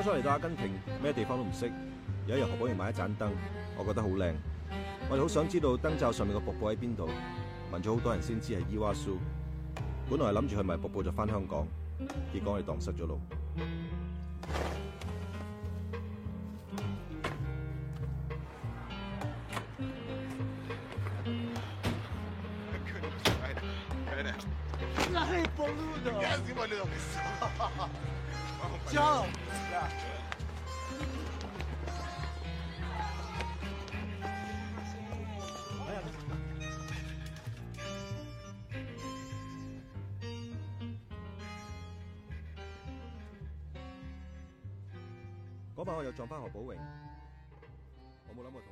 初初嚟到阿根廷，咩地方都唔識。有一日何寶榮買一盞燈，我覺得好靚。我哋好想知道燈罩上面個瀑布喺邊度，問咗好多人先知係伊瓜蘇。本來係諗住去埋瀑布就翻香港，結果我哋蕩失咗路。 嗰晚我又撞返何寶榮，我冇諗過。